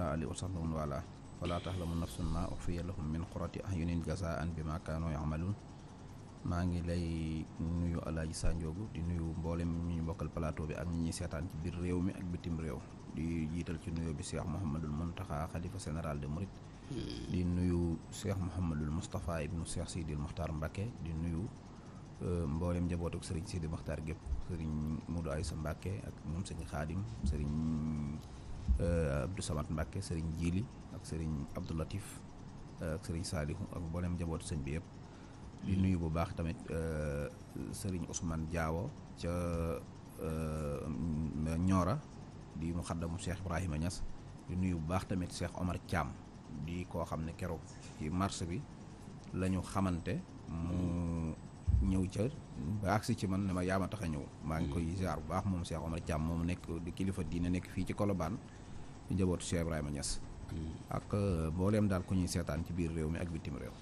ala alihi wa sahbihi wala fala tahlamu nafsun ma ukhfiya lahum min qurrati ahyunin jazaan bima kaanu ya'malun maa ngi lay nuyu alaaji Sanjoogu di nuyu mboolem ñu ñu bokkal plateau bi ak ñi ñuy seetaan ci biir réew mi ak bitim réew di jiital ci nuyu bi Cheikh Mouhamadul Mountakha xalifa général de Mouride. Hmm. di nuyu Cheikh Mouhamadul Moustapha ibnu Cheikh Sidil Mokhtar Mbacke di nuyu euh, mboolem njabootuk Serigne Sidi Mokhtar gépp Serigne Modou Aïssa Mbacke ak ñoom Serigne Khadim Serigne. Euh, Abdou Samad Mbacke sëriñ Jili ak sëriñ Abdou Latif euh, ak sëriñ Saalihu ak mboolem njabootu sëñ bi yëpp. di hmm. nuyu bu baax tamit euh, sëriñ Ousmane jaawo ca Ñoora di mu xaddamu Cheikh Ibrahima Niass di nuyu bu baax tamit Cheikh Omar Thiam di koo xam ne keroog ci marché bi la xamante mu. Hmm. ñëw ca ba agsi ci man ne ma yaam ma tax a ñëw maa ngi koy mm. ziar bu baax moom Cheikh Omar Thiam moom nekk di kilifa diine nekk fii ci Colobane di njabootu Cheikh Ibrahima Niass mm. ak euh, mbooleem daal ku ñuy seetaan ci biir réew mi ak bitim réew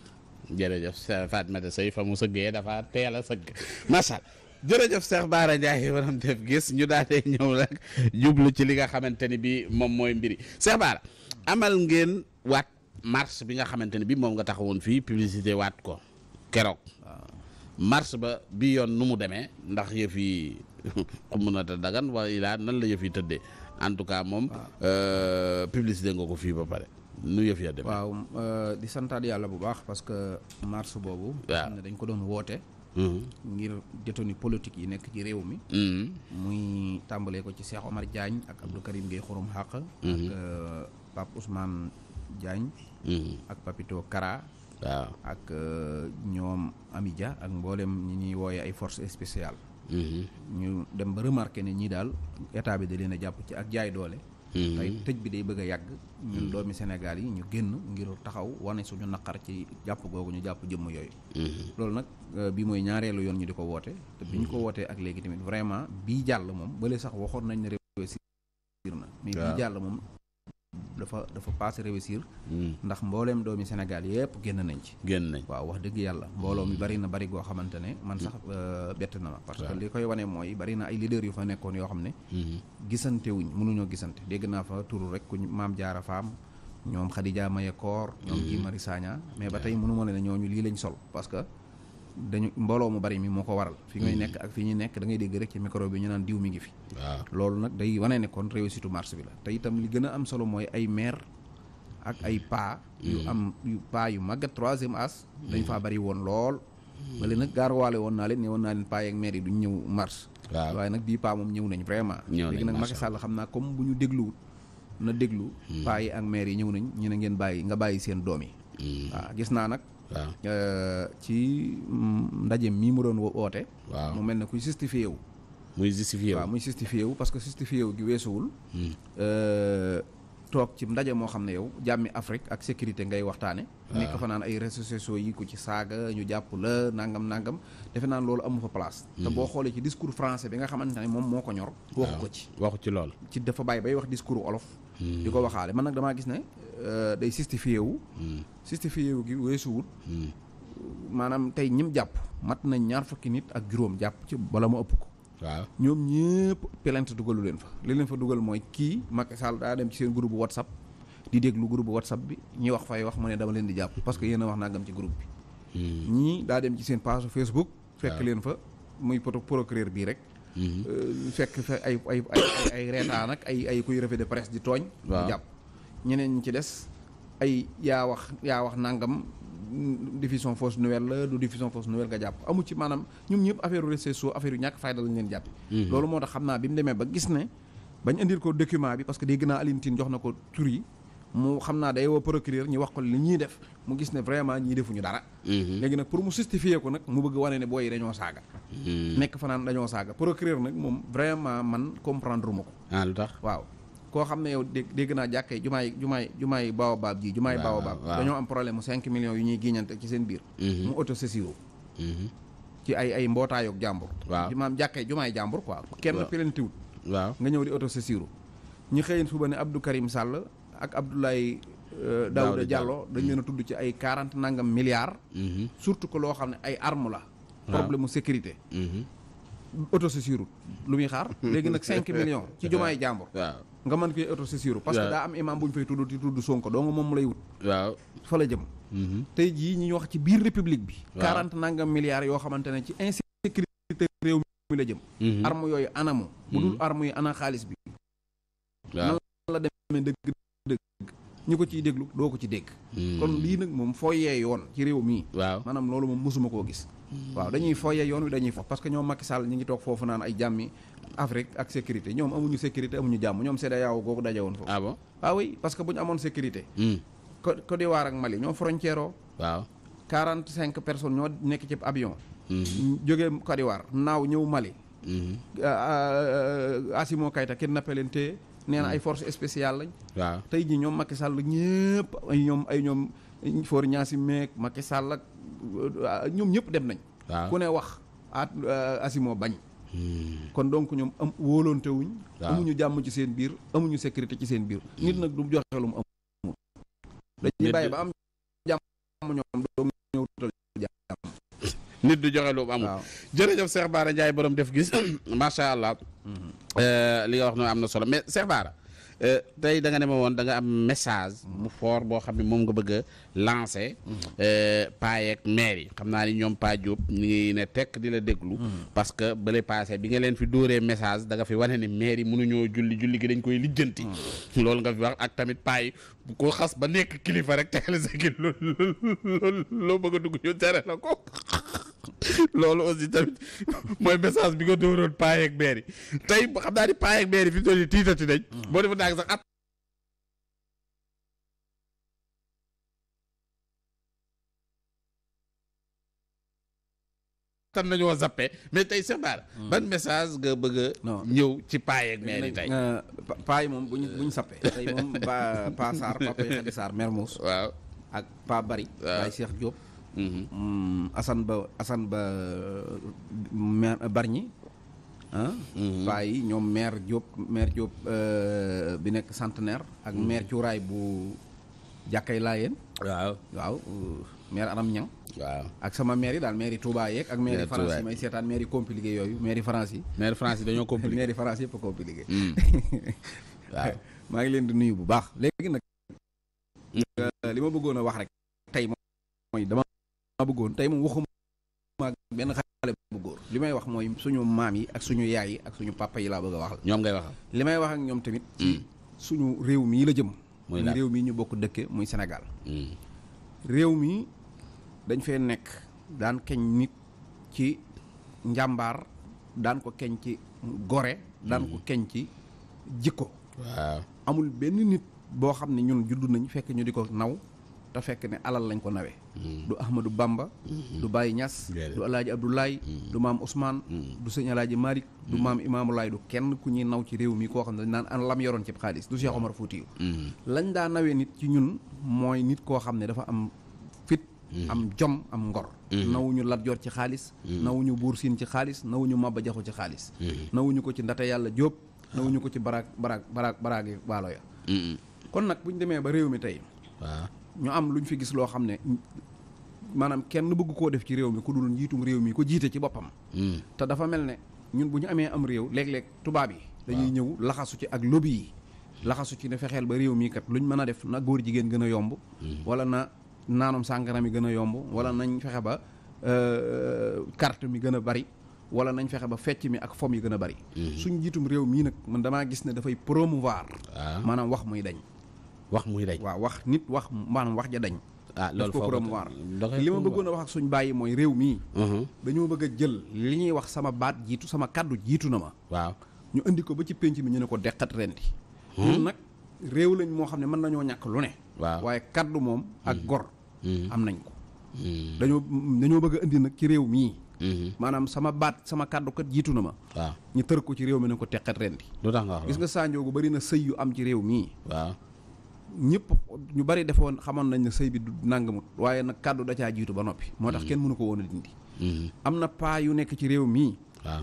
jërëjëf Cheikh Fatmata Seye fa mu sëggee dafa teel sëgg masal jërëjëf Cheikh Baara Ndiaye waram def gis ñu daatee ñëw nag jublu ci li nga xamante ni bi moom mooy mbiri Cheikh Baara amal ngeen waat mars bi nga xamante ni bi moom nga taxawoon fii publicité waat ko keroog ah. mars ba bii yoon nu mu demee ndax yëf yi xam na te dagan walla nan la yëf yi tëddee en tout cas moom. Ah. Euh, publicité nga ko fii ba pare. nu yëf ya demee euh, di santaat yàlla bu baax parce que mars boobu. dañ ko doon woote. Mhm. ngir détenu politique yi nekk ci réew mi. Mhm. muy tàmbalee ko ci Cheikh Omar Diagne ak Abdou Karim Gueye Xurum Xaq. Mhm. ak euh, Pape Ousmane Diagne. ak Papito Kara. waaw ak euh, ñoom Amidia ak mboolem ñi ñuy wooye ay force spéciales. Mm-hmm. ñu dem ba remarqué ne ñii daal état bi de leen a jàpp ci ak jaay doole. Mm-hmm. tey tëj bi day bëgg a yàgg. ñun mm-hmm. doomi Sénégal yi ñu génn ngir taxaw wane suñu naqar ci jàpp googu ñu jàpp jëmm yooyu. loolu nag euh, bi mooy ñaareelu yoon ñu di ko woote. te bi ñu ko wootee ak léegi tamit vraiment bii jàll moom bële sax waxoon nañ ne réew mi na mais bii jàll moom. dafa dafa passé réussir. Hmm. ndax mbooleem doomi Sénégal yëpp génn nañ ci. génn nañ waaw wax dëgg yàlla mbooloo mi hmm. bari na bari goo xamante ne man hmm. sax euh, bett na ma. parce que li koy wane mooy bari na ay leaders yu fa nekkoon yoo xam ne. gisante wuñ mënuñoo gisante dégg naa fa turu rek ku maam jaara faam ñoom Khadija Maye Koor. ñoom Guy Marius Sagna mais ba tey mënu ma ne ñooñu lii lañ sol parce que. dañu mbooloo mu bari mi moo ko waral fi ngay hmm. nekk ak fi ñuy nekk dangay dégg rek ci micro bi ñu naan diw mi ngi fi loolu nag day wane ne kon réussite u marché bi la te itam li gën a am solo mooy ay maire ak ay paa yu hmm. am yu yu màggat troisième as dañu faa hmm. bari woon lool ba léegi nag gaar woon naa leen ne woon naa leen paa yeeg maire yi duñ ñëw mars waaw waaye nag bii paa moom ñëw nañ vraiment léegi nag Macky Sall xam naa comme bu ñu dégluwut na déglu paa yi ak yi ñëw nañ ñu ne ngeen bàyyi nga bàyyi seen doom yi gis naa nag waaw euh, ci ndaje mii mu doon woote. waaw mu mel ne kuy justifié wu. muy justifié wu waaw wu parce que justifié wu gi weesuwul. Hmm. Euh, toog ci ndaje moo xam ne yow jàmmi Afrique ak sécurité ngay waxtaane nekk fa naan ay réseaux sociaux yi ko ci saaga ñu jàpp la nangam nangam defe naan loolu amu fa place hmm. te boo xoolee ci discours français bi nga xamante ne moom moo ko ñor waxu ko ci waxu ci lool ci dafa bàyyi bay wax discours olof hmm. di ko waxaale man nag damaa gis ne Euh, day justifié wu. justifié hmm. wu gi weesuwut. Hmm. maanaam tey ñim jàpp. mat nañ ñaar fukki nit ak juróom jàpp ci bala mu ëpp ko. waaw ñoom ñëpp plainte dugalu leen fa. li leen fa dugal mooy kii Macky Sall daa dem ci seen groupe WhatsApp di déglu group groupe WhatsApp bi ñi wax fay wax mu ne dama leen di jàpp parce que yéen a wax nangam ci groupe bi. Hmm. ñii daa dem ci seen page Facebook. fekk leen fa muy poto procureur bii rek. Euh, fekk fa ay ay ay ay reetaan ak ay ay kuy revue de presse di tooñ. ñeneen ñi ci des ay yaa wax yaa wax nangam diffusion fausse nouvelle la du diffusion fausse nouvelle nga jàpp amu ci maanaam ñoom ñëpp affaire u réseaux yu ñàkk fayda lañ leen jàppe hmm. loolu moo tax xam naa bi mu demee ba gis ne bañ indil ko document bi parce que dégg naa Alioune jox na ko tur yi mu xam naa day woo procureur ñu wax ko li ñuy def mu gis ne vraiment ñii defuñu dara hmm. léegi nag pour mu justifier ko nag mu bëgg wane ne booy yi dañoo saaga hmm. nekk fanaan dañoo saaga procureur nag moom vraiment man comprendre ma ko ah lu waaw koo xam ne yow dégg dégg naa jàkkee jumaay jumaay jumaay Baobab ji jumaay Baobab dañoo am problème mu cinq millions yu ñuy giiñante ci seen biir mhm. mu auto sesiro mhm. ci ay ay mbootaayog jàmbur waaw maam jàkkee jumaay jàmbur quoi kenn pelentiwut waaw nga ñëw di oto sesiro ñu xëyin suba ne Abdou Karim Sall ak Abdoulaye euh, Daouda Diallo dañ leen a tudd ci ay quarante nangam milliards mhm. surtout que loo xam ne ay arme la problème mu sécurité autosaisiru lu muy xaar léegi nag cinq millions ci jumaay jàmbur nga mën koy autosaisiru parce que daa am imam bu ñu fay tudd tudd Sonko doo nga moom lay wut fa la jëm mm-hmm. tey jii ñu wax ci biir république bi quarante nangam milliards yoo xamante ne ci insécurité réew mi la jëm mm-hmm. arm yooyu anamu bu dul mm-hmm. arme yi ana xaalis bi nan la demee dëgg dëgg ñi ko ciy déglu doo ko ci dégg mm. kon lii nag moom foo yoon ci réew mii maanaam loolu moom mosuma koo gis waaw dañuy foyee yoon wi dañuy fo parce que ñoom Macky Sall ñi ngi toog foofu naan ay jàmmi Afrique ak sécurité ñoom amuñu sécurité amuñu jàmm ñoom CEDEAO googu dajewoon foofu ah bon ah oui parce que bu ñu amoon sécurité hmm. Côte d'Ivoire ak Mali ñoo frontière oo waaw quarante cinq personnes ñoo nekk ci avion hmm. jógee Côte d'Ivoire naaw ñëw Mali hmm. ah, ah, ah, Assimi Goïta kidnappé leen téye nee ay force spéciale lañ waaw tey jii ñoom Macky Sall ñëpp ay ñoom ay ñoom Faure Gnassingbé Sall ñoom ñëpp dem nañ. waaw ku ne wax at euh, asimo bañ. Hmm. kon donc ñoom am wóolonte wuñ. amuñu jàmm ci seen biir amuñu sécurité ci seen biir. nit hmm. nag du joxe lu mu amul. dañuy bàyyi ba am jàmm ñoom doog ñëw tutal jàmm. nit du joxe amul. waaw jërëjëf Cheikh Bara Ndiaye boroom def gis macha allah. Hmm. Euh, li nga wax noonu am na solo mais Cheikh Euh, tey da nga ne ma woon da am message mm. bu foor boo xam ne moom nga bëgg a lancer. Mm. Euh, paa yeeg maire yi xam naa ni ñoom Pa Diop ñu ngi ne tekk di la déglu. Mm. parce que bële passé bi nga leen fi dóoree message danga nga fi wane ne maire yi mënuñoo julli julli ki dañ koy lijjanti. loolu nga fi wax ak tamit paa bu ko xas ba nekk kilifa rek teel sa kii loolu loolu loo loolu mooy message bi nga dóoroon paa yeeg beer xam naa ni paa fi mu tiitati nañ. Mm. boo defoon daal sax at. tan nañoo zappé mais tey Cheikh Bara hmm. ban message nga bëgg ñëw ci paaye ak maire yi tey euh, paa moom buñ ñu bu ñu sappee tey moom pa pa Sarr papa Xadi Sarr waaw ak pa Bari waaye Cheikh Diop mm-hmm. mm, Assane ba Assane ba Bargny ah mm-hmm. paa yi ñoom maire Diop maire Diop euh, bi nekk centenaire ak mm-hmm. maire cuuraay bu jàkkay laayeen waaw euh, maire Aram Niang waaw ak sama maire yi daal maire yi Touba ak maire yi France yi may seetaan maire yi compliqué yooyu maire yi France yi maire France yi dañoo compliqué maire yi France yëpp a mm. maa ngi leen di nuyu bu baax léegi nag mm. li ma bëggoon a wax rek tey mooy dama bëggoon tey moom waxuma benn xale bu góor li may wax mooy suñu maam yi ak suñu yaay yi ak suñu papa yi laa bëgg a waxal ñoom ngay waxal li may wax ak ñoom tamit mm. suñu réew mii la jëm muy réew mii ñu bokk dëkke muy Sénégal dañ fee nekk daan keñ nit ci njàmbaar daan ko keñ ci gore daan ko mm-hmm. keñ ci jikko waaw amul benn nit boo xam ne ñun judd nañ fekk ñu di ko naw te fekk ne alal lañ ko nawe mm-hmm. du Ahmadou Bamba mm-hmm. du Baye ñas du Alaaji Abdoulaye du maam Ousmane du sëñ Alaaji Malick du maam Imaamu Laay du kenn ku ñuy naw ci réew mi koo xam ne dañ naan an lam yoroon ci xaalis du Cheikh Omar Foutiou lañ daa nawee nit ci ñun mooy nit koo xam ne dafa am Mm-hmm. am jom am ngor mm-hmm. nawuñu Lat Joor ci xaalis mm-hmm. nawuñu Buur Siin ci xaalis nawuñu Maba Jaxu ci xaalis nawuñu ko ci Ndate Yàlla Jóob nawuñu ko ci baraag baraag baraag baraagi waalo ya kon nag bu ñu demee ba réew mi tey ñu am lu ñu fi gis loo xam ne maanaam kenn bëggu koo def ci réew mi ku dul njiitum réew mi ko jiite ci boppam te dafa mel ne ñun bu ñu amee am réew léeg-léeg tubaab yi dañuy ñëw laxasu ci ak lobby yi laxasu ci ne fexeel ba réew mii kat luñ mën a def na góor jigéen gën a yomb naanum sàngara mi gën a yomb wala nañ fexe ba kart euh, euh, mi gën a bari wala nañ fexe ba fecc mi ak fom yi gën a bari. Mhm. suñ jiitum réew mii nag man damaa gis ne dafay promouvoir. Ah. maanaam wax muy dañ. wax muy dañ waaw wax nit wax maanaam wax ja dañ. ah loolu foofu promouvoir li ma bëggoon wax ak suñ bàyyi mooy réew mii. Mhm. dañoo bëgg a jël li ñuy wax sama baat jiitu sama kàddu jiitu na ma. waaw ñu indi ko ba ci pénc mi ñu ne ko deqat rendi. Hmm? ñun nag réew lañ moo xam ne mën nañoo ñàkk lu ne. waaye kàddu moom ak hmm. gor. Mm-hmm. am nañ ko mm-hmm. dañoo dañoo bëgg a indi nag ci réew mii mm-hmm. maanaam sama baat sama kàddu kat jiitu na ma waaw ñu tër ko ci réew mi ne ko teqat ren di lu tax nga wax gis nga sanjoogu bari na sëy yu am ci réew mii waaw ñëpp ñu bari defoon xamoon nañ ne sëy bi du nangamut waaye nag kàddu da caa jiitu ba noppi moo tax kenn mënu ko woon a dindi am na paa yu nekk ci réew mii waaw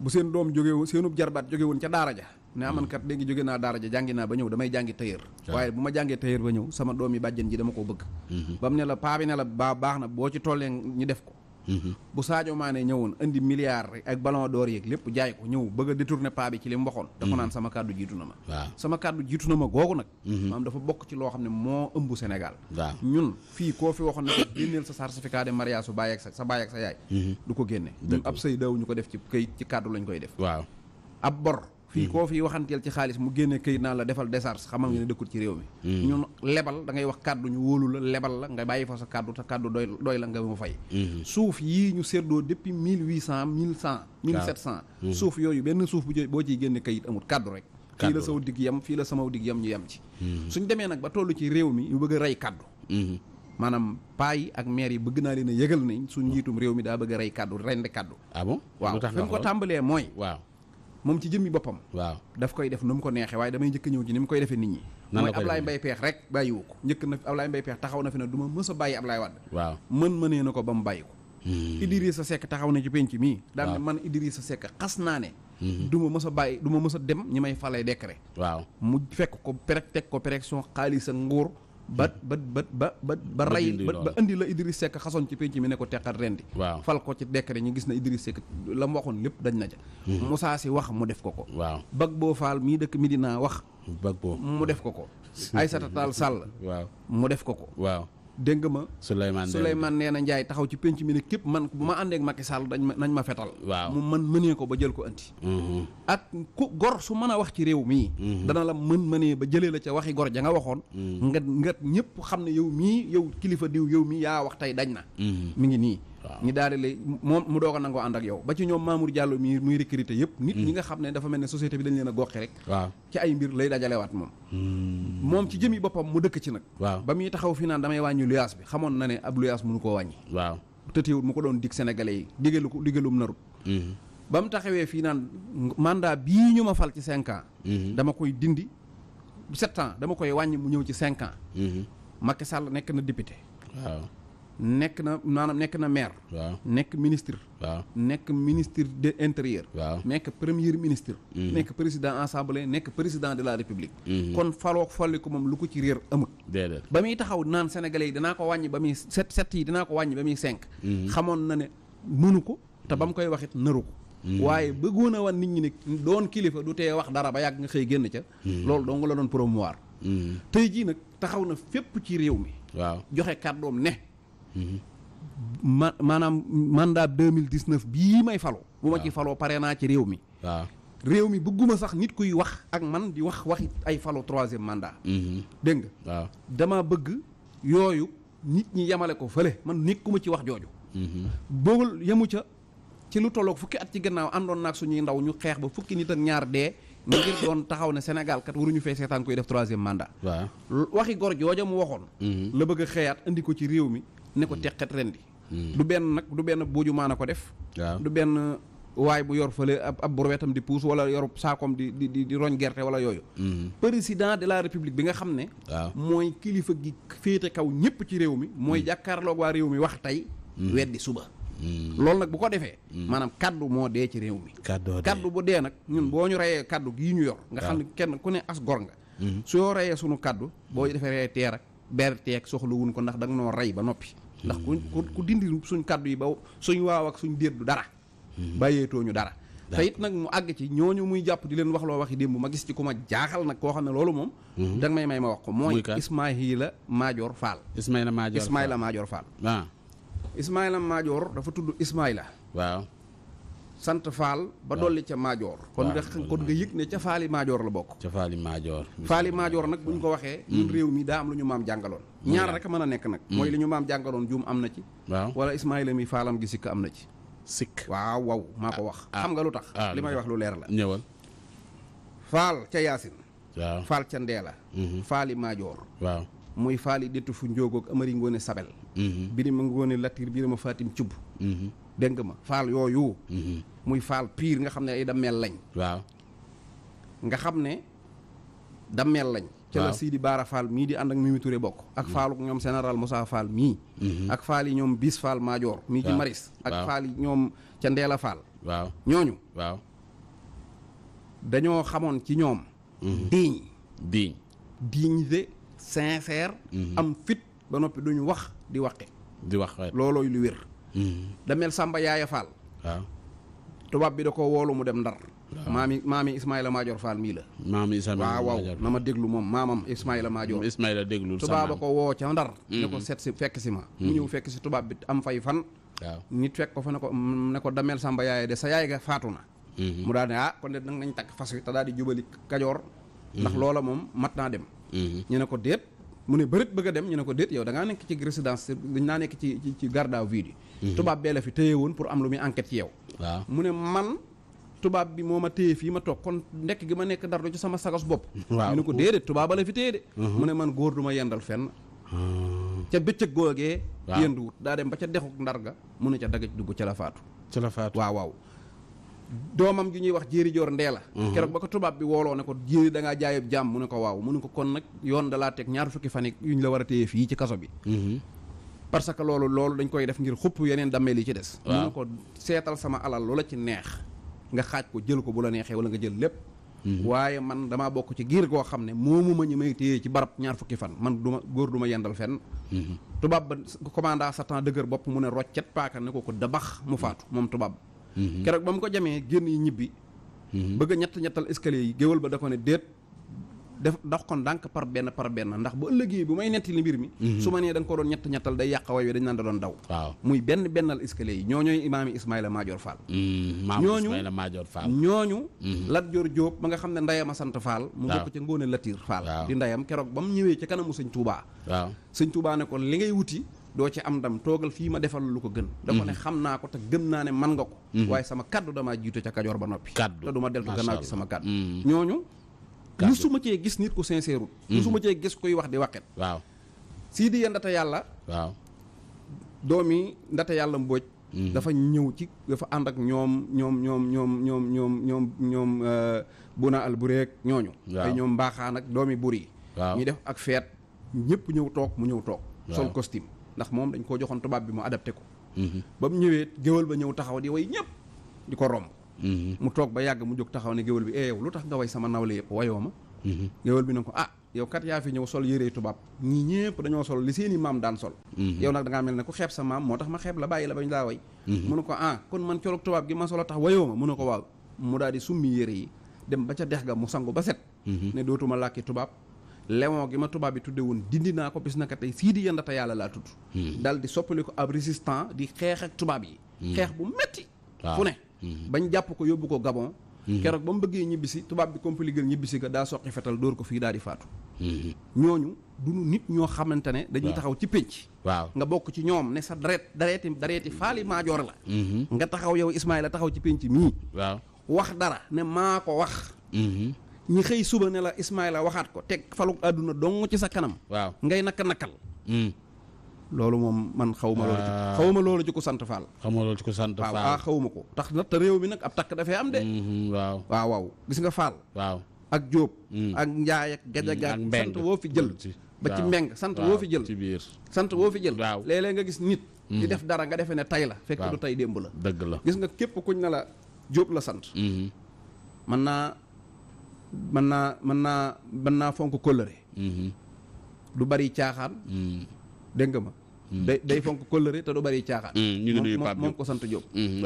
bu seen doom jóge woon seenub jarbaat jóge woon ca daara ja ne aman ah, kat léegi jóge naa daara ja jàngi naa ba ñëw damay jàngi tailleur waaye bu ma jàngee tailleur ba ñëw sama doom yi bàjjen ji dama koo bëgg mhm. ba mu ne la paa bi ne la baa baax na boo ci tollee ñu def ko mhm. bu Sadio Mané ñëwoon indi milliard ak balon d'or yeeg lépp jaay ko ñëw bëgg a détourner paa bi ci li mu waxoon dafa mhm. naan sama kàddu jiitu na ma sama kàddu jiitu na ma googu nag maanaam dafa bokk ci loo xam ne moo ëmb senegal waaw ñun fii koo fi waxoon ne ko génneel sa certificat de mariage su bàyyeeg sa sa bàyyeeg sa yaay du ko génne ñun ab sëy daw ñu ko def ci këyit ci kàddu lañ koy def waaw ab bor fii hmm. koo fii waxanteel ci xaalis mu génne këyit naa la defal décharge xamal nga ne dëkkut ci réew mi hmm. ñun lebal da ngay wax kàddu ñu wóolu la lebal la nga bàyyi fa sa kàddu te kàddu doy doy la nga mu fay hmm. suuf yii ñu séddoo depuis mill huit cent mille cent mille sept cent suuf yooyu benn suuf bu jo boo ciy génne këyit amul kàddu rek fii la saw digg yem fii la sama digg yem ñu yem ci suñ demee nag ba toll ci réew mi ñu bëgg rey kàddu maanaam paa ak maire yi bëgg naa leen a yëgal nañ su njiitum réew mi daa bëgg rey kàddu rend kàddu ah bon waaw ko tàmbalee mooy waaw moom ci jëmmi boppam waaw daf koy def nu mu ko neexee waaye damay njëkk ñëw ci ni mu koy defee nit ñi mooy Ablaye Mbaye Peex rek bàyyiwu ko njëkk na Ablaye Mbaye Peex taxaw na fi ne du ma mës a bàyyi Ablaye Wade waaw man ma nee na ko ba mu bàyyi ko hmm. sa sekk taxaw na ci penc mii daal ne man Idrissa Seck xas naa ne hmm. du ma mës a bàyyi du ma mës a dem ñi may falee décret waaw mu fekk ko perek teg ko perection xaalis ak nguur Hmm. ba ba ba ba ba ba rey ba indi la Idriss Seck xasoon ci penc mi ne ko teqat rendi waaw fal ko ci dekkare ñu gis na Idriss Seck la mu waxoon lépp dañ na ja hmm. Moussa si wax mu def ko ko waaw bag boo faal mii dëkk mi Medina wax bag boo mu def ko ko Aïssata Tall Sall waaw mu def ko ko waaw dégg nga ma. Souleymane Souleymane nee na Ndiaye taxaw ci pénc mi ne képp man bu ma àndeek Macky Sall dañ ma nañ ma fetal. waaw mu man mënee ko ba jël ko anti. Mm-hmm. ak ku gor su mën a wax ci réew mii. Mm-hmm. dana la mën mënee ba jëlee la ca waxi gor ja nga waxoon. Mm-hmm. nga nga ñëpp xam ne yow mii yow kilifa diw yow mii yaa wax tey dañ na. mi ngi nii. ñi daal di lay moom mu doog a nangoo ànd ak yow ba ci ñoom Mamour Diallo mi muy recruté yëpp nit ñi hmm. nga xam ne dafa mel ne société bi dañ leen a goxi rek waaw ci ay mbir lay dajalewaat moom hmm. moom ci jëmi boppam mu dëkk ci nag waaw ba muy taxaw fi naan damay wàññi luyaas bi xamoon na ne ab luyaas mënu koo wàññi waaw te teewul mu ko doon dig sénégalais yi digalu ko digalum narut hmm. ba mu taxawee fii naan mandat bii ñu ma fal ci cinq dama koy dindi sept dama koy wàññi mu ñëw ci cinq ans Macky nekk na député nekk na maanaam nekk na maire. nekk ministre. waaw nekk ministre de intérieur. waaw nekk premier ministre. Mhm. nekk président assemblée nekk président de la république. Mhm. kon faloo falli ko moom lu ko ci réer amut. déedéet ba muy taxaw naan sénégale yi dinaa ko wàññi ba muy set set yi dinaa ko wàññi ba muy cinq. Mhm. xamoon na ne mënu ko te ba mu koy waxit naru ko. waaye bëggoon a wan nit ñi ne doon kilifa du tee wax dara ba yàgg nga xëy génn ca. loolu dong la doon promouvoir. tey jii nag taxaw na fépp ci réew mi. waaw joxe kàddoom ne. ma maanaam mandat 2019 bii may falo bu ma ci falo pare naa ci réew mi. waaw réew mi bëgguma sax nit kuy wax ak man di wax waxi ay falo troisième mandat. Mm-hmm. dégg nga. waaw dama bëgg yooyu nit ñi yemale ko fële man nekkuma ci wax jooju. Mm-hmm. boogul yemu ca ci lu tolloog fukki at ci gannaaw àndoon naag suñuy ndaw ñu xeex ba fukki nit ak ñaar dee. ngir doon taxaw ne Sénégal kat waruñu fee seetaan koy def troisième mandat. waaw waxi gor jooja mu waxoon. Mm-hmm. la bëgg a xëyaat indi ko ci réew mi. ne ko teqet rendi hmm. du benn nag du benn buuju ko def du benn waaye bu yor fële ab ab burwetam di puus wala yor saakoom di di di roñ gerte wala yooyu. Hmm. président de la république bi nga xam ne. mooy kilifa gi féete kaw ñëpp ci réew mi. mooy hmm. jàkkaarloog waa réew mi wax tey. weddi suba. loolu nag bu ko defee. maanaam kàddu moo dee ci réew mi. kaddu bu dee nag ñun boo ñu reyee kàddu gii ñu yor. nga xam ne kenn ku ne as gor nga. soo reyee sunu kàddu boo defee reyee teer ak ber ko ndax danga noo rey ba noppi. ndax ku ku dindi suñu kàddu yi ba suñ waaw ak suñ déet du dara bàyyeetoo ñu dara te nag mu àgg ci ñooñu muy jàpp di leen wax loo waxi démb ma gis ci ku ma jaaxal nag koo xam ne loolu moom mhm. danga may may ma wax ko mooy Ismaïla Madior Fall Ismaïla Madior Fall waaw Ismaïla Madior dafa tudd Ismaïla waaw sant faal ba dolli ca maajoor kon nga kon nga yëg ne ca faali maajoor la bokk ca faali maajoor faali maajoor nag bu ñu ko waxee ñun mm. réew mi daa am lu ñu maam jàngaloon mm. ñaar rek a mën a nekk nag mm. mooy li ñu maam jàngaloon juum am na ci waaw wala ismaila mi faalam gi sikk am na ci sikk waaw waaw maa ko wax ah. xam nga lu tax ah, li may wax lu leer la ñëwal faal ca yaasin waaw faal ca ndeela mm-hmm. faali maajoor waaw muy faali dettu fu njóogoog amari ngoone sabel mm-hmm. birima ngoone latir birima fatim cub mm-hmm. dégg ma faal yooyu. Mhm. muy faal piir nga xam ne ay dammel lañ. nga xam ne dammel lañ. ca la Sidi Baara Fall mii di ànd ak Mimi Touré bokk. ak mhm. faaluk ñoom général Moussa Fall mii. Mhm. ak faal yi ñoom Bis Fall Maajoor. mii ci Maris. ak faal yi ñoom ca Ndeela Fall. ñooñu. dañoo xamoon ci ñoom. diiñ. diiñ de sincère. am fit ba noppi duñu wax di waxee. di wax loolooy lu wér. damel Samba Yaaya Fall waaw tubaab bi da ko woolu mu dem Ndar maami maami Ismaïla Madior Fall mii la maami Ismaïla waaw waaw na ma déglu moom maamam Ismaïla Madior Ismaïla déglu tubaab a ko woo ca Ndar mm. ne ko seet si fekk si ma mu ñëw mm. fekk si tubaab bi am fay fan waaw nit fekk ko fa ne ko ne ko damel Samba Yaaya de sa yaay ga faatu na mm-hmm. mu daal ne ah kon de nag nañ takk fas wi te daal di jubali Kajoor ndax mm-hmm. loola moom mat naa dem mm-hmm. ñu ne ko déet mu ne bërit bëgg dem ñu ne ko déet yow da ngaa nekk ci résidence dañ naa nekk ci ci garde à vue Mhm. tubaab bee la fi téye woon pour am lu muy enquête ci yow. waaw mu ne man tubaab bi moo ma téye fii ma toog kon ndekk gi ma nekk ndar do ci sama sagas bopp. waaw ñu ne ko déedéet tubaab ba la fi téye de. Mhm. mu ne man góor du ma yendal fenn. Hmm. ca bëccëg googee. waaw daa dem ba ca dexuk ndar ga mu ne ca dagg dugg ca la faatu. ca la faatu waaw waaw. doomam ju ñuy wax jéeri joor ndee la mhm. keroog ba ko tubaab bi wooloo ne ko jéeri da ngaa jaayob jàmm mu ne ko waaw mu ne ko kon nag yoon da laa teg ñaar fukki fan yi la war a téye fii ci kaso bi parce que loolu loolu dañ koy def ngir xupp yeneen dammeel li ci des mu ne ko seetal sama alal loola ci neex nga xaaj ko jël ko bu la neexee wala nga jël lépp mhm. waaye man damaa bokk ci giir goo xam ne moomu ma ñi may téye ci barab ñaar fukki fan man du ma góor du ma yendal fen mhm. tubaab ba commanda sa temps dëgër bopp mu ne roccet paaka ne ko ko dabax mu faatu moom tubaab mhm. keroog ba mu ko jamee génn yi ñibbi bëgg ñett ñettal escalier yi géwal ba da ko ne def dox ko ndànk par benn par benn ndax bu ëllëgee bu may nettali mbir mi mhm. su ma nee da ko doon ñett ñettal day yàq way wi dañ naan da doon daw waaw muy benn bennal escalier yi ñoo ñooy imaam Ismaïla maajoor Fall mhm. ñoo ñu mhm. Lat Joor Jóob ma nga xam ne ndeyam a sant faal mu bokk ca Ngóone Latiir Fall di ndeyam keroog ba mu ñëwee ci kanamu sëñ Tuubaa waaw Tuubaa ne ko li ngay wuti doo ci am ndam toogal fii ma defal lu ko gën da ko ne xam naa ko te gëm naa ne man nga ko waaye sama kaddu damaa jiito ca Kajoor ba noppi te du ma deltu gannaaw ci sama kaddu ñooñu musuma cee gis nit ku sincère wul. Mhm. musuma cee gis kuy wax di waqet. waaw sii di ya ndata yàlla. waaw doomi ndata yàlla mbooj. Mhm. dafa ñëw ci dafa ànd ak ñoom ñoom ñoom ñoom ñoom ñoom ñoom ñoom euh, Buna Albureek ñooñu. waaw ay ñoom mbaaxaan ak doomi bur yi. waaw ñu def ak feet ñëpp ñëw toog mu ñëw toog. sol costim ndax moom dañ koo joxoon tubaab bi mu adapté ko. Mhm. ba mu ñëwee géwël ba ñëw taxaw di way ñëpp di ko romb. Mm-hmm. mu toog ba yàgg mu jóg taxaw ne géwél bi eh yow lu tax nga way sama nawle yëpp wayoo ma mm-hmm. géwél bi na ko ah yow kat yaa fi ñëw sol yére tubaab ñii ñëpp dañoo sol li seeni maam daan sol mm-hmm. yow nag da ngaa mel ne ku xeeb sa maam moo tax ma xeeb la bàyyi la bañ laa way mu ne ko ah kon man colog tubaab gi ma solo tax wayoo ma mu ne ko waaw mu daal di summi yére yi dem ba ca dex ga mu sangu ba set ne dootuma làkki tubaab léwon gi ma tubaab bi tudde woon dindi naa ko bis naka tey sii di yandata yàlla laa tudd dal di soppali ko ab résistant di xeex ak tubaab yi xeex bu metti fu ne Mhm. bañ jàpp ko yóbbu ko Gabon mhm. keroog ba mu bëggee ñibbisi tubaab bi compliquer ñibbisi ko daa soqi fetal dóor ko fii daal di faatu mhm. ñooñu duñu nit ñoo xamante ne dañuy taxaw ci pénc waaw nga bokk ci ñoom ne sa dareet dareeti dareeti faali maajoor la nga taxaw yow Ismaïla taxaw ci pénc mii waaw wax dara ne maa ko wax ñi xëy suba ne la Ismaïla waxaat ko teg faluk àdduna dong ci sa kanam waaw ngay nakka nakkal loolu moom man xawma loolu ci ah. xawma loolu ci ko sant Fall xawma loolu ci ko sant Fall waaw ah, xawma ko tax na réew mi nag ab takk dafee am de mm-hmm, waaw waaw gis nga Fall waaw ak Jóob mm. ak Njaay ak mm, Gajaga sant woo fi jël ba ci mbeng sant woo fi jël ci biir sant woo fi jël waaw léeg nga gis nit di mm-hmm. def dara nga defee ne tay la fekk du tay démb la dëgg la gis nga képp kuñ na la Jóob la sant mm-hmm. mën naa mën naa mën naa mën naa fonk kóllëre du bari caaxaan mm. dégg nga ma. Hmm. day day fonk kóllëre te du bari caaxaan. Hmm, ñu ngi nuyu Pape moom ko sant Diop. Hmm,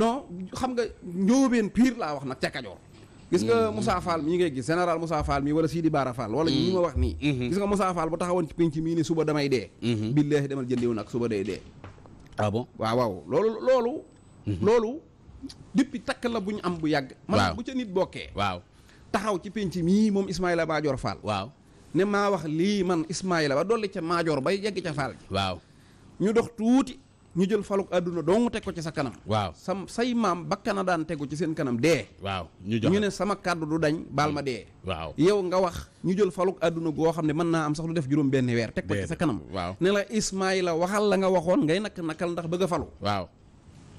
waaw xam nga njóobeen piir laa wax nag ca Kajoor. gis nga Moussa Fall mi ngay gis général Moussa Fall mi wala Sidi Bara Fall. wala ñi ma wax nii. gis nga Moussa Fall bu taxawoon ci penc mii ne suba damay dee. billaahi demal jëndiw nag suba day dee. ah bon waaw waaw loolu loolu. loolu takk la bu ñu am bu yàgg. man bu ca nit bokkee. waaw taxaw ci penc mii moom Ismaïla Madior Fall. waaw. ne maa wax lii man Ismaayla ba dolli ca maajoor bay yegg ca faal ji waaw ñu dox tuuti ñu jël faluk àdduna dong teg ko ci sa kanam waaw sam say maam bakkana daan tegu ci seen kanam dee ñu jox ñu ne sama kàddu du dañ baal ma dee waaw yow nga wax ñu jël faluk àdduna goo xam ne mën naa am sax lu def juróom benn weer teg ko ci sa kanam waaw ne la Ismaayla waxal la nga waxoon ngay nakk nakal ndax bëgg a falu waaw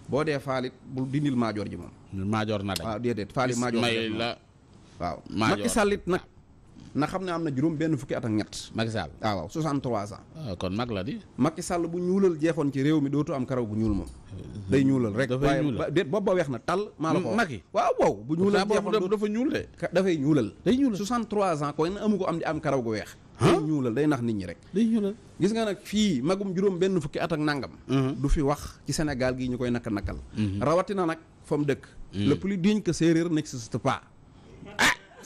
boo dee faalit bu dindil maajoor ji moom maajoor na dañ waaw déedéet la waaw Macky Sall na xam ne am na juróom benn fukki at ak ñett. Macky Sall ah, waaw waaw 63 ans. Ah, kon mag la di. Macky Sall bu ñuulal jeexoon ci réew mi dootu am karaw bu ñuul moom. Euh, day ñuulal rek waaye déet ba weex na tal. maa la ko Macky waaw waaw bu ñuulal dafa ñuul de. dafay ñuulal. day ñuulal 63 ans koy ko am di am karaw gu weex. day ñuulal day nax nit ñi rek. day ñuulal gis nga nag fii magum juróom benn fukki at ak nangam. Mhm. du fi wax ci Sénégal gii ñu koy nakk mhm. rawati na nag fa mu dëkk. Mhm. le plus digne que séeréer n'existe pas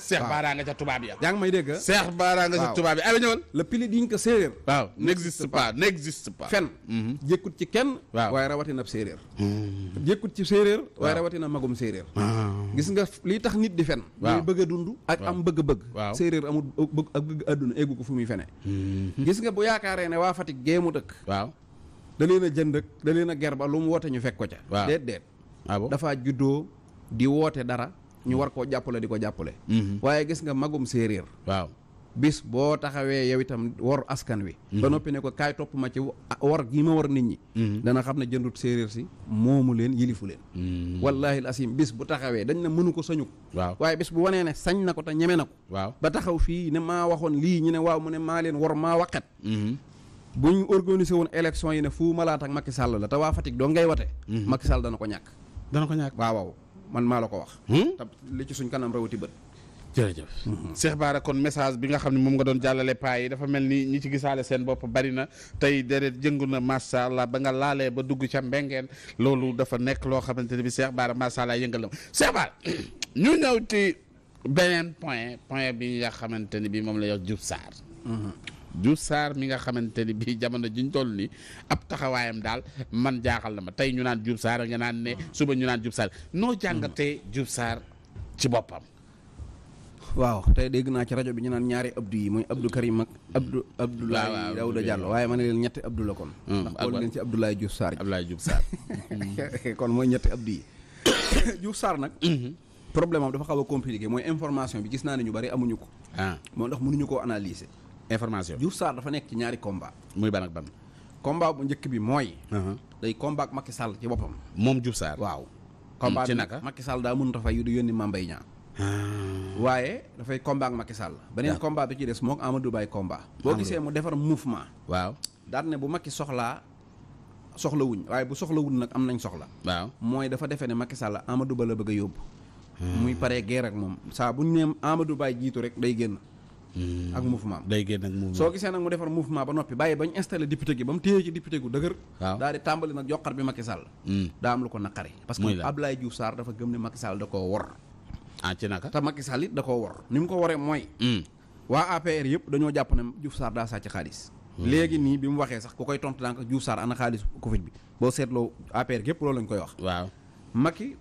Cheikh Bara nga ca tubaab ya yaa ngi may dégg Cheikh Bara nga ca tubaab ya ay ñëwal le pili diñ ko séeréer waaw n'existe pas n'existe pas fen mhm. jékkut ci kenn waaw waaye rawatina séeréer mhm. jékkut ci séeréer waaye rawatina magum séeréer gis nga lii tax nit di fen muy bëgg a dund ak am bëgg-bëgg séeréer amul bëgg ak bëgg àdduna eggu ko fu muy fene mhm. gis nga bu yaakaaree ne waa Fatick géemu dëkk waaw da leen a jënd da leen a gerba lu mu woote ñu fekk ko ca déet déet ah dafa juddoo woote dara ñu war koo jàppale di ko jàppale mhm. waaye gis nga magum séeréer waaw bis boo taxawee yow itam war askan wi mhm. ba noppi ne ko kaay topp ma ci war gi ma war nit ñi mhm. dana xam ne jëndut séeréer si moomu leen yilifu leen wallahi asim bis bu taxawee dañ ne mënu ko sañu ko waaye bis bu wanee ne sañ na ko te ñeme na ko waaw ba taxaw fii ne maa waxoon lii ñu ne waaw mu ne maa leen war maa waqet bu ñu organisé woon élection yi ne fu malaat ak Macky sàll la te waa Fatick doo ngay wate Macky Sall dana ko ñàkk dana ko ñàkk man maa la ko wax. Hmm? li ci suñ kanam rawati bët. jërëjëf. Hmm. Cheikh Bara kon message bi nga xam ne moom nga doon jàllale paa yi dafa mel ni ñi ci gisaale seen bopp bari na tey déedéet jëngu na macha allah ba nga laalee ba dugg ca mbengeen loolu dafa nekk loo xamante ne bi Cheikh Bara macha allah yëngal na Cheikh Bara ñu ñëw ci beneen point point bi nga xamante ne bi moom la yor Diouf Sarr. Hmm. Diouf Sarr mi nga xamante ni bii jamono jiñ toll ni ab taxawaayam daal man jaaxal na ma tey ñu naan Diouf Sarr nga naan ne suba ñu naan Diouf Sarr noo jàngatee Diouf Sarr ci boppam. waaw tey dégg naa ci rajo bi ñu naan ñaari Abdou yi mooy Abdou Karim ak Abdou Abdoulaye Daouda Diallo waaye ma ne leen ñetti Abdou la kon. Hmm, ndax xool ngeen ci Abdoulaye Diouf Sarr. Abdoulaye Diouf Sarr. Hmm. kon mooy ñetti Abdou yi Diouf Sarr nag. Mm-hmm. problème am dafa xaw a compliqué mooy information bi gis naa ne ñu bari amuñu ko. Ah. moo tax mënuñu koo analyser. information Diouf Sarr dafa nekk ci ñaari combat muy ban ak ban combat bu njëkk bi mooy uh-huh. day combat ak sàll ci boppam moom Diouf Sarr waaw mm, combat ci naka Sall daa mënut a fay yu di yónni Mame Mbaye ah. dafay combat ak Macky beneen combat bi ci des mook Amadou Baye boo gisee mu defar mouvement waaw daan bu makki soxlaa soxlawuñ waaye bu soxlawuñ nag am nañ soxla waaw mooy dafa defee ne Macky Sall Amadou Ba la bëgg a yóbbu ah. muy pare guerre ak moom saa bu ñu ne Amadou Baye jiitu rek day génn Hmm. ak mouvement day génn soo gisee nag mu defar mouvement ba noppi bàyyi bañ installé député gi ba mu téye ci député gu dëgër waaw daal di tàmbali nag joxar bi Macky Sall hmm. daa am lu ko naqari parce que Abdoulaye Diouf Sarr dafa gëm ne Macky Sall da koo wor ah ci naka te Macky Sall da koo wor ni mu ko waree mooy hmm. waa APR yëpp dañoo jàpp ne Diouf Sarr daa sàcc xaalis léegi nii bi mu waxee sax ku koy tontu daanaka Diouf Sarr ana xaalis Covid bi boo seetloo APR gépp loolu lañ koy wax waaw Macky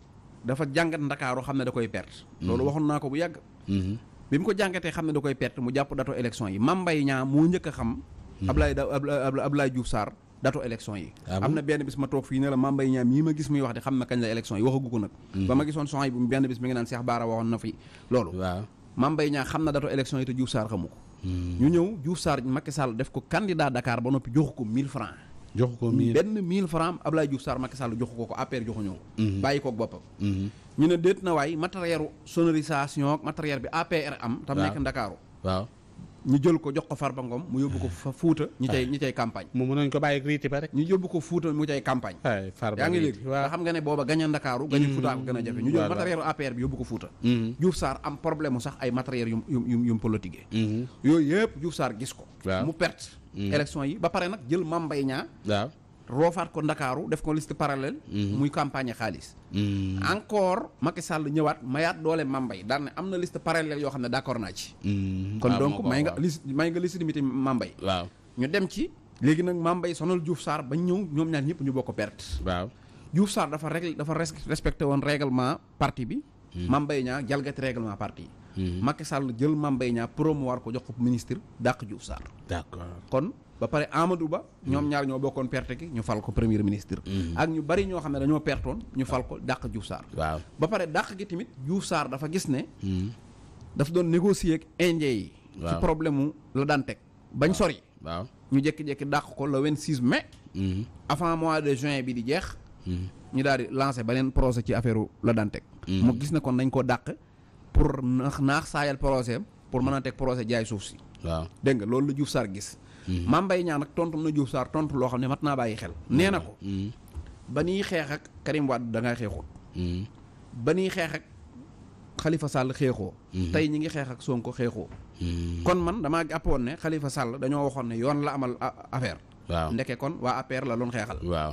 dafa jàngat ndakaaru xam ne da koy perte loolu waxoon naa ko bu yàgg bi mu ko jàngatee xam ne da koy perte mu jàpp dato élection yi Mame Mbaye Niang moo njëkk a xam. Hmm. Ablaye Ablaye Diouf Sarr dato élection yi. Ah am na benn bis ma toog fii ne la Mame Mbaye Niang ma gis muy wax de xam na kañ la élection yi waxagu ko nag. Hmm. ba ma gisoon soxna yi benn bis mi ngi naan Cheikh Bara waxoon na fi loolu. waaw Mame xam na dato élection yi te Diouf Sarr xamu ko. Hmm. ñu ñëw Diouf saar Macky Sall def ko candidat Dakar ba noppi joxu ko 1000 francs joxu ko 1000 benn 1000 francs Ablaye Diouf Sarr Macky Sall joxu ko ko APR joxuñoo ko. bàyyi koog boppam. ñu ne déet na waay matérielu sonorisation ak matériel bi APR am. tam nekk Ndakaaru waaw ñu jël ko jox ko Farba Ngom mu yóbbu ko fa Fuuta ñu tey ñu tey campagne. mu mënoon ko bàyyi riiti rek. ñu yóbbu ko Fuuta mu campagne. yaa ngi léegi nga xam nga ne booba gañ Ndakaaru. gañu a Fuuta ak mm. gën a jafe ñu jël matériel APR bi yóbbu ko Fuuta. Mm-hmm. Diouf Sarr am problème mu sax ay matériel yu yu yu yu politique. Mm-hmm. yooyu yëpp Diouf Sarr gis ko. mu perte. Mm-hmm. élection yi ba pare nag jël Mame Mbaye Niang. waaw roofaat ko ndakaaru def ko liste parallèle mhm. muy campagne xaalis mhm. encore Macky Sall ñëwaat mayaat doole Mambay daan ne am na liste parallèle yoo xam ne d'accord naa ci mhm. kon ah, donc may nga liste may nga liste limité Mambay waaw ñu dem ci léegi nag Mambay sonal Diouf saar ba ñëw ñoom ñaar ñëpp ñu bokk perte waaw Diouf Sarr dafa règle dafa respecté woon règlement parti bi Mambay ñaa jalgati règlement parti Macky Sall jël Mambay ñaa promouvoir ko jox ko ministre dàq Diouf Sarr d'accord kon ba pare Amadou Ba ñoom ñaar ñoo bokkoon perte gi ñu fal ko premier ministre mm-hmm. ak ñu bari ñoo xam ne dañoo pertoon ñu fal ko dàq Diouf saar waaw ba pare dàq gi tamit Diouf saar dafa gis ne mm-hmm. daf doon négocier ak indien yi ci problème mu la daan teg bañ sori waaw ñu jékki-jékki dàq ko le 26 mai mm-hmm. avant mois de juin bi di jeex ñu daal di lancé beneen projet ci affaire la daan teg mu gis ne kon nañ ko dàq pour naax naax saayal projet pour mën a teg projet jaay suuf si waaw dégg nga loolu la Diouf Sarr gis Mhm. Mame Mbaye Niang nag tontu na Diouf Sarr tontu loo xam ne mat naa bàyyi xel mhm. nee na ko mhm. ba nuy xeex ak Karim Wade da xeexut ba nuy xeex ak Khalifa Sall xeexoo tey ñi ngi xeex ak Sonko xeexoo kon man damaa jàppoon ne xalifa sàll dañoo waxoon ne yoon la amal affaire waaw ndeke kon waa APR la loon xeexal waaw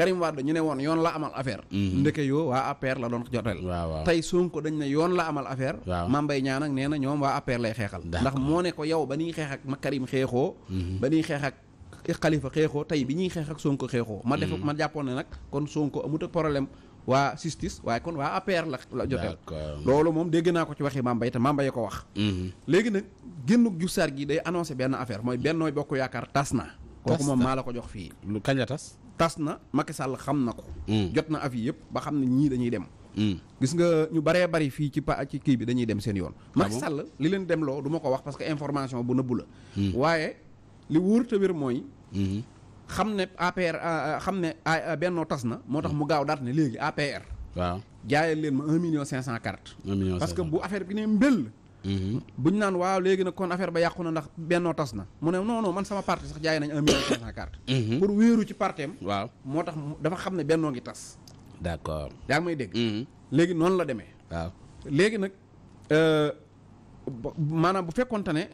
Karim Wade ñu ne woon yoon la amal affaire. Mhm. ndeke yoo waa APR la doon jotel tey Sonko dañ ne yoon la amal affaire. waaw Mame Mbaye Niang nag nee na ñoom waa APR lay xeexal. ndax moo ne ko yow ba ñuy xeex ak ma Karim xeexoo. Mhm. ba ñuy xeex ak Khalifa xeexoo tey bi ñuy xeex ak Sonko ma def mhm. ma jàppoon ne nag kon Sonko amut ak problème. waa sistis waaye kon waa APR la la joteel loolu moom dégg naa ko ci waxi Mambay te Mambay ko wax léegi nag génnug Diouf Sarr gi day annoncé benn affaire mooy Benno Bokk Yaakaar tas na kooku moom maa la ko jox fii lu kañ la tas tas na Macky Sall xam na ko. Hmm. jot na af avis yëpp ba xam ne ñii dañuy dem. Hmm. gis nga ñu baree bari fii ci pa ci kii bi dañuy dem seen yoon. Ah Macky Sall li leen dem loo ko wax parce que information bu nëbbu la. Hmm. waaye li wóor te wér mooy. xam ne APR ah, ah, xam ne bennoo tas na moo tax mu gaaw daat ne léegi APR. waaw jaayal leen ma 1 million 500 cartes. 1 million bu affaire bi ne mbëll. Mm-hmm. ñu naan waaw léegi nag kon affaire ba yàqu na ndax bennoo tas na mu ne man sama parti jaay nañ un million cinq cent carte mm-hmm. pour wéeru ci parteem waaw moo tax dafa xam ne bennoo ngi tas d'accord yaa ngi may dégg mm-hmm. léegi noonu la demee léegi nag euh, maanaam bu fekkonte ne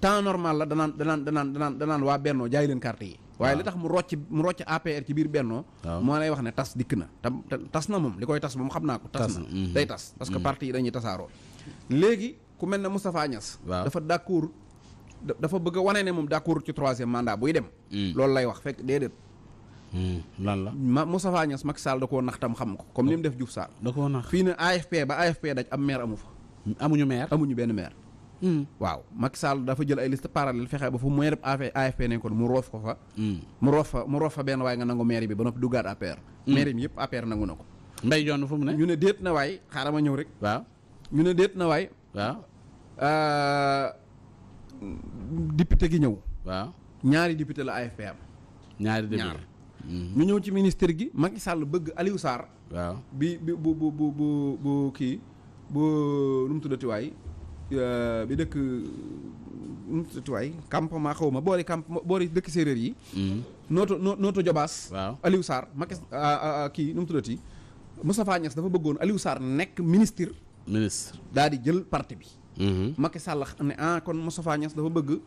temps normal la danaan danaan danaan danaan danaan waa bennoo jaay leen carte yi waaye li tax mu rocc mu rocc APR ci biir bennoo moo lay wax ne tas dikk na tam tas na moom li koy tas moom xam naa ko tas na day tas parce que parti yi dañuy tasaaroo léegi ku mel ne Moustapha Niass. waaw dafa d'accord dafa bëgg a wane ne moom d'accord ci troisième mandat buy dem. Hmm. loolu lay wax fekk déedéet. Hmm. lan la ma Moustapha Niass Macky Sall da koo nax tam xam ko comme ni mu def Diouf Sarr. da koo nax fii ne AFP ba AFP daj am maire amu fa. amuñu maire amuñu benn maire. Hmm. waaw Macky Sall dafa jël ay liste parallèle fexe ba fu maire AFP ne ko mu roof ko fa. mu roof fa mu roof fa benn waaye nga nangu maire bi ba noppi duggaat APR. maire bi yëpp APR nangu na ko. mbay joon fu mu ñu ne déet na waay xaaral ma ñëw rek. waaw waaw. Euh, député gi ñëw. waaw ñaari député la AFP am. ñaari député ñaar. Mhm. ñu ñëw ci ministère gi Macky Sall bëgg Aliou Sarr. waaw bi bi bu bu bu bu kii bu nu mu tuddati waay euh, bi dëkk nu mu tuddati waay xaw ma boori camp boori dëkk séeréer yi. Mhm. nooto nooto Jobaas. waaw Aliou Sarr euh, kii nu mu tuddati Moustapha Niass dafa bëggoon Aliou Sarr nekk ministre. ministre daal di jël parti bi. Mhm. Macky Sall ne ah kon Moustapha Niass dafa bëgg.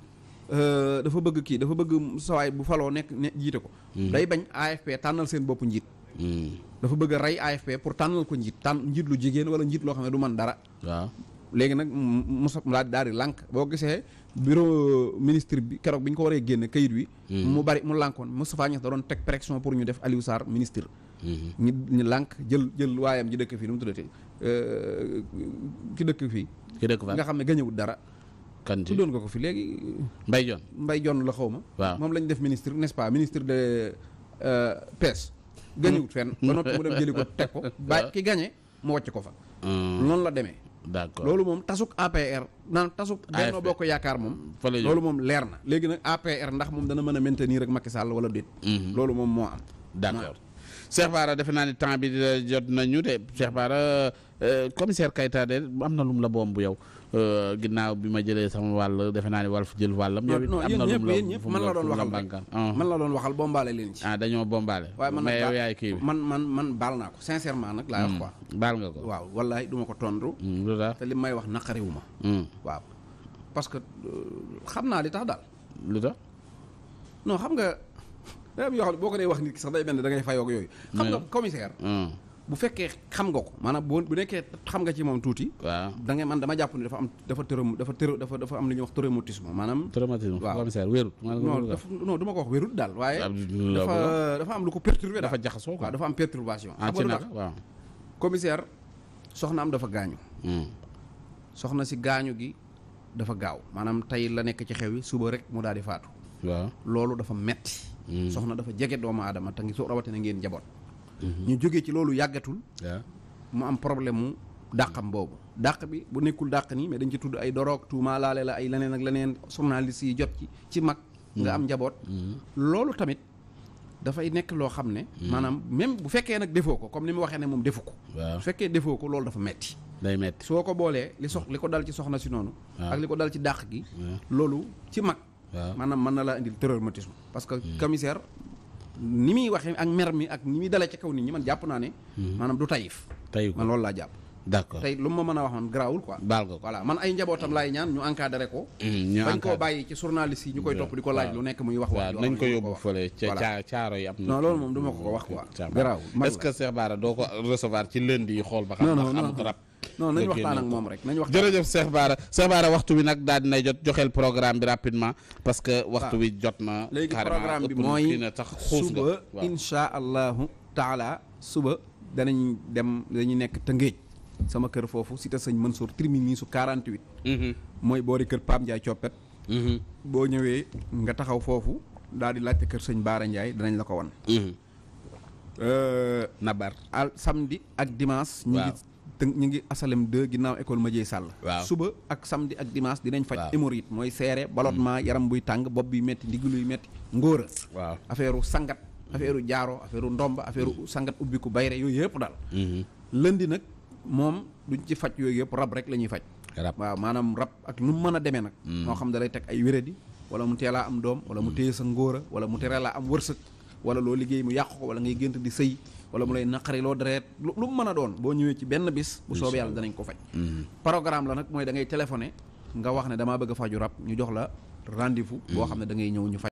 Euh, dafa bëgg kii dafa bëgg sawaay bu faloo nekk ne jiite ko. Mhm. day bañ AFP tànnal seen bopp njiit. Mhm. dafa bëgg a rey AFP pour tànnal ko njiit tànn njiit lu jigéen wala njiit loo xam ne du man dara. léegi nag Moussa daal di lànk boo gisee bureau ministre bi keroog bi ñu ko waree génne kayit wi. mu bari mu lànkoon Moustapha Niass da doon teg pression pour ñu def Aliou Sarr ministre. ñu ñu lànk jël jël am ji dëkk fii nu mu tuddati Euh, ki dëkk fii. ki dëkk fa nga xam ne gañewut dara. kan ci tuddoon nga ko fii léegi. Mbaye Dione Mbaye Dione la xaw ma. waaw moom lañu def ministre n'est-ce pas ministre de euh, pêche. gañewut fenn ba noppi mu dem jëli ko teg ko. ba ki gañe mu wàcc ko fa. Hmm. noonu la demee. d'accord loolu moom tasuk APR naan tasuk. AFP Benno Bokk Yaakaar moom. loolu moom leer na. léegi nag APR ndax moom dana mën a maintenir ak Macky Sall wala déet. Hmm. loolu moom moo am. d'accord Cheikh Bara defe naa ni temps bi euh, jot nañu de Cheikh Bara euh, commissaire Kayta de am na lum la bomb yow euh, ginnaaw bi ma jëlee sama wàll defe naa ni Walf jël wàllam. yow it am na lum la yéen ñëpp man la doon waxal ah. man la doon waxal bombaale leen ci. ah dañoo bombaale. waaye man mais yow yaay kii man man man baal naa ko sincèrement nag. laa wax hmm. quoi baal nga ko. waaw wallaay du ma ko tontu. Hmm, lu tax te li may wax naqariwu ma. Hmm. waaw parce que xam naa li tax daal. lu tax non xam nga. am yoo xam ko dee wax nit ki sax day benn da ngay fayoog yooyu xam mm. bu fekkee xam nga ko maanaam boo bu nekkee xam nga ci moom tuuti da ngay man dama jàpp ne dafa am dafa tërëm dafa tërë dafa dafa am li ñuy wax traumatisme maanaam traumatisme waaw commissaire wérut non dafa non du ma ko daal waaye dafa dafa am lu ko perturbé dafa jaxasoo quoi dafa am perturbation ah, waaw commissaire soxna am dafa gaañu mm. soxna si gaañu gi dafa gaaw maanaam tey la nekk ci xew yi suba rek mu daal di faatu waaw loolu dafa metti Mm-hmm. soxna dafa jege doomu aadama te ngi soo rawatina ngeen njaboot. Mm-hmm. ñu jóge ci loolu yàggatul. mu am problème mu dàqam boobu. dàq bi bu nekkul dàq nii mais dañ ci tudd ay doroog tuuma laale la ay leneen ak leneen journaliste yi jot ci ci mag. nga am mm-hmm. njaboot. loolu tamit dafay nekk loo xam ne. maanaam même bu fekkee nag defoo ko comme ni mu waxee ne moom defu ko. bu ko loolu dafa metti day metti soo ko boolee li sox li ko dal ci soxna si noonu. ak li ko dal ci dàq gi. loolu ci mag. waaw maanaam mën na laa indil traumatisme parce que hmm. commissaire ni muy waxee ak mer mi ak ni muy dalee ci kaw nit ñi man jàpp naa ne hmm. maanaam du tayif tayif man loolu laa jàpp d'accord tey lu ma mën a wax man garaawul quoi baal ko voilà man ay njabootam laay ñaan ñu encadré ko hmm, bañ koo bàyyi ci journaliste yi ñu koy topp di ko laaj lu nekk muy wax wax nañ ko yóbbu fële ca caaro yi am na loolu moom du ko ko wax quoi garaaw est-ce que doo ko recevoir ci lundi yi xool ba xam ndax amut non nañu waxtaan ak moom rek nañu waxtaan jërëjëf Cheikh waxtu wi nag daal dinay jot joxeel programme bi rapidement parce que waxtu wi jot na léegi programme bi mooy tax suba insha allahu taala suba danañ dem dañuy nekk Tëngéej sama kër foofu cité Sëñ Mansour terminus su 48 mhm. mooy boori kër Pape Ndiaye coppet mhm. boo ñëwee nga taxaw foofu daal di laajte kër sëñ Baara Ndiaye danañ la ko wan mhm. euh, nabar al te ñu ngi asalem 2 ginnaaw école Madieye Sall. waaw suba ak samedi ak dimanche dinañ faj. hémorroïde mooy seere ballottement mm. yaram buy tàng bopp bi metti ndigg luy metti ngóora. waaw affaire sangat affaire jaaro affaire ndomba affaire mm. sangat ubbiku bayre yooyu yëpp daal. Mm-hmm. lëndi nag moom duñ ci faj yooyu yëpp rab rek la ñuy faj. rab waaw maanaam rab ak nu mu mën a demee nag. Mm. moo xam da teg ay wéradi wala mu teelaa am doom wala mu téye sa ngóora wala mu laa am wërsëg wala loo liggéey mu yàq ko wala ngay gént di sëy wala mu lay naqari loo deret lu lu mën a doon boo ñëwee ci benn bis bu soobee yàlla danañ ko faj mm-hmm. programme la nag mooy da ngay téléphoné nga wax ne damaa bëgg a faju rab ñu jox la rendez-vous boo mm-hmm. xam ne da ngay ñëw ñu faj